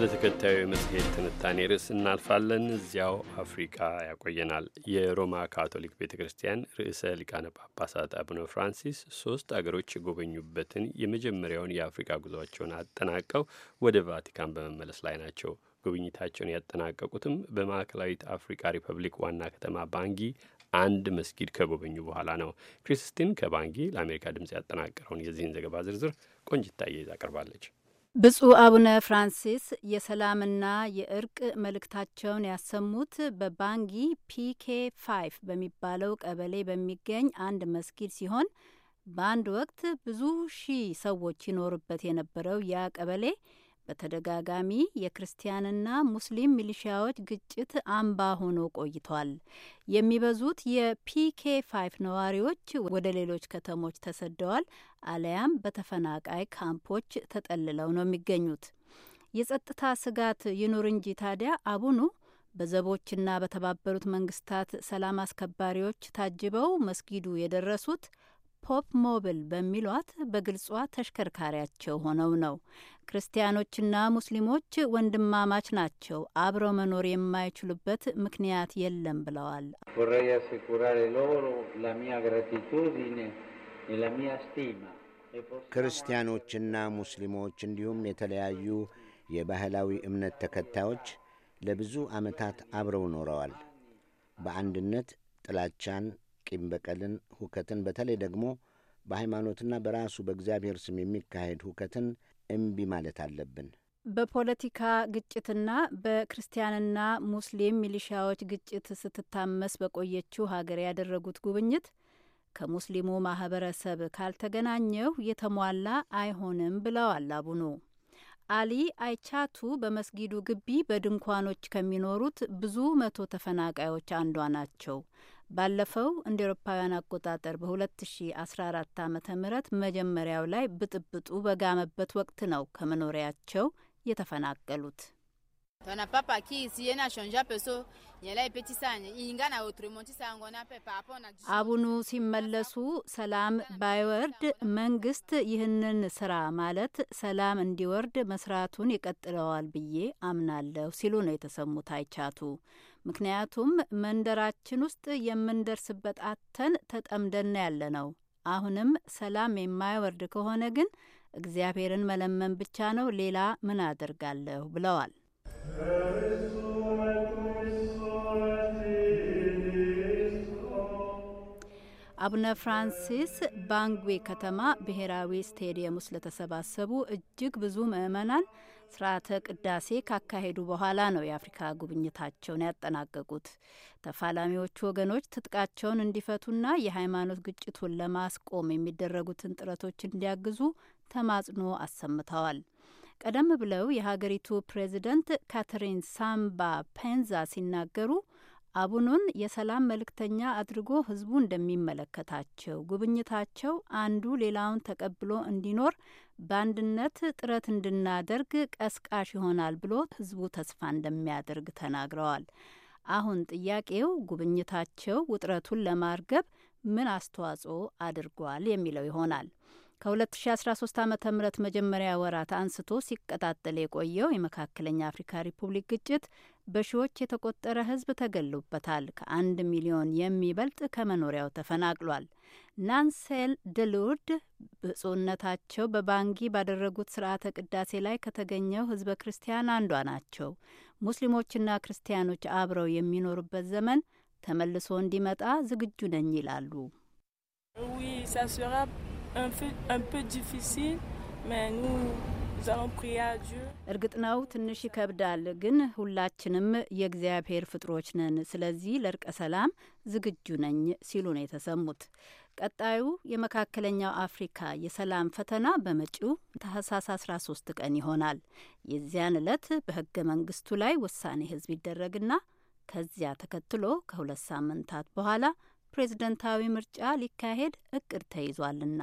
ወደ ተከታዩ የመጽሔት ትንታኔ ርዕስ እናልፋለን። እዚያው አፍሪቃ ያቆየናል። የሮማ ካቶሊክ ቤተ ክርስቲያን ርዕሰ ሊቃነ ጳጳሳት አቡነ ፍራንሲስ ሶስት አገሮች የጎበኙበትን የመጀመሪያውን የአፍሪቃ ጉዟቸውን አጠናቀው ወደ ቫቲካን በመመለስ ላይ ናቸው። ጉብኝታቸውን ያጠናቀቁትም በማዕከላዊት አፍሪቃ ሪፐብሊክ ዋና ከተማ ባንጊ አንድ መስጊድ ከጎበኙ በኋላ ነው። ክሪስቲን ከባንጊ ለአሜሪካ ድምፅ ያጠናቀረውን የዚህን ዘገባ ዝርዝር ቆንጅታ ይዛ ቀርባለች። ብፁዕ አቡነ ፍራንሲስ የሰላምና የእርቅ መልእክታቸውን ያሰሙት በባንጊ ፒኬ ፋይቭ በሚባለው ቀበሌ በሚገኝ አንድ መስጊድ ሲሆን በአንድ ወቅት ብዙ ሺህ ሰዎች ይኖሩበት የነበረው ያ ቀበሌ በተደጋጋሚ የክርስቲያንና ሙስሊም ሚሊሺያዎች ግጭት አምባ ሆኖ ቆይቷል። የሚበዙት የፒኬ ፋይፍ ነዋሪዎች ወደ ሌሎች ከተሞች ተሰደዋል አለያም በተፈናቃይ ካምፖች ተጠልለው ነው የሚገኙት። የጸጥታ ስጋት ይኑር እንጂ ታዲያ አቡኑ በዘቦችና በተባበሩት መንግስታት ሰላም አስከባሪዎች ታጅበው መስጊዱ የደረሱት ፖፕ ሞብል በሚሏት በግልጿ ተሽከርካሪያቸው ሆነው ነው። ክርስቲያኖችና ሙስሊሞች ወንድማማች ናቸው፣ አብረው መኖር የማይችሉበት ምክንያት የለም ብለዋል። ክርስቲያኖችና ሙስሊሞች እንዲሁም የተለያዩ የባህላዊ እምነት ተከታዮች ለብዙ ዓመታት አብረው ኖረዋል። በአንድነት ጥላቻን ቂም በቀልን፣ ሁከትን፣ በተለይ ደግሞ በሃይማኖትና በራሱ በእግዚአብሔር ስም የሚካሄድ ሁከትን እምቢ ማለት አለብን። በፖለቲካ ግጭትና በክርስቲያንና ሙስሊም ሚሊሻዎች ግጭት ስትታመስ በቆየችው ሀገር ያደረጉት ጉብኝት ከሙስሊሙ ማህበረሰብ ካልተገናኘሁ የተሟላ አይሆንም ብለዋል አቡኑ። አሊ አይቻቱ በመስጊዱ ግቢ በድንኳኖች ከሚኖሩት ብዙ መቶ ተፈናቃዮች አንዷ ናቸው። ባለፈው እንደ ኤሮፓውያን አቆጣጠር በ2014 ዓ ም መጀመሪያው ላይ ብጥብጡ በጋመበት ወቅት ነው ከመኖሪያቸው የተፈናቀሉት። አቡኑ ሲመለሱ ሰላም ባይወርድ መንግስት ይህንን ስራ ማለት ሰላም እንዲወርድ መስራቱን ይቀጥለዋል ብዬ አምናለሁ ሲሉ ነው የተሰሙት አይቻቱ። ምክንያቱም መንደራችን ውስጥ የምንደርስበት አተን ተጠምደና ያለ ነው። አሁንም ሰላም የማይወርድ ከሆነ ግን እግዚአብሔርን መለመን ብቻ ነው፣ ሌላ ምን አደርጋለሁ ብለዋል። አቡነ ፍራንሲስ ባንጉዌ ከተማ ብሔራዊ ስቴዲየም ውስጥ ለተሰባሰቡ እጅግ ብዙ ምዕመናን ስርዓተ ቅዳሴ ካካሄዱ በኋላ ነው የአፍሪካ ጉብኝታቸውን ያጠናቀቁት። ተፋላሚዎቹ ወገኖች ትጥቃቸውን እንዲፈቱና የሃይማኖት ግጭቱን ለማስቆም የሚደረጉትን ጥረቶች እንዲያግዙ ተማጽኖ አሰምተዋል። ቀደም ብለው የሀገሪቱ ፕሬዚደንት ካተሪን ሳምባ ፔንዛ ሲናገሩ አቡኑን የሰላም መልእክተኛ አድርጎ ህዝቡ እንደሚመለከታቸው፣ ጉብኝታቸው አንዱ ሌላውን ተቀብሎ እንዲኖር በአንድነት ጥረት እንድናደርግ ቀስቃሽ ይሆናል ብሎ ህዝቡ ተስፋ እንደሚያደርግ ተናግረዋል። አሁን ጥያቄው ጉብኝታቸው ውጥረቱን ለማርገብ ምን አስተዋጽኦ አድርጓል የሚለው ይሆናል። ከ2013 ዓ ም መጀመሪያ ወራት አንስቶ ሲቀጣጠል የቆየው የመካከለኛ አፍሪካ ሪፑብሊክ ግጭት በሺዎች የተቆጠረ ህዝብ ተገሎበታል። ከአንድ ሚሊዮን የሚበልጥ ከመኖሪያው ተፈናቅሏል። ናንሴል ደልውድ ብፁዕነታቸው በባንጊ ባደረጉት ስርዓተ ቅዳሴ ላይ ከተገኘው ህዝበ ክርስቲያን አንዷ ናቸው። ሙስሊሞችና ክርስቲያኖች አብረው የሚኖሩበት ዘመን ተመልሶ እንዲመጣ ዝግጁ ነኝ ይላሉ። ሳ ስራ ን ዲፊሲል ኑ እርግጥ ነው ትንሽ ይከብዳል፣ ግን ሁላችንም የእግዚአብሔር ፍጥሮች ነን። ስለዚህ ለእርቀ ሰላም ዝግጁ ነኝ ሲሉ ነው የተሰሙት። ቀጣዩ የመካከለኛው አፍሪካ የሰላም ፈተና በመጪው ታህሳስ 13 ቀን ይሆናል። የዚያን ዕለት በህገ መንግስቱ ላይ ውሳኔ ህዝብ ይደረግና ከዚያ ተከትሎ ከሁለት ሳምንታት በኋላ ፕሬዝደንታዊ ምርጫ ሊካሄድ እቅድ ተይዟልና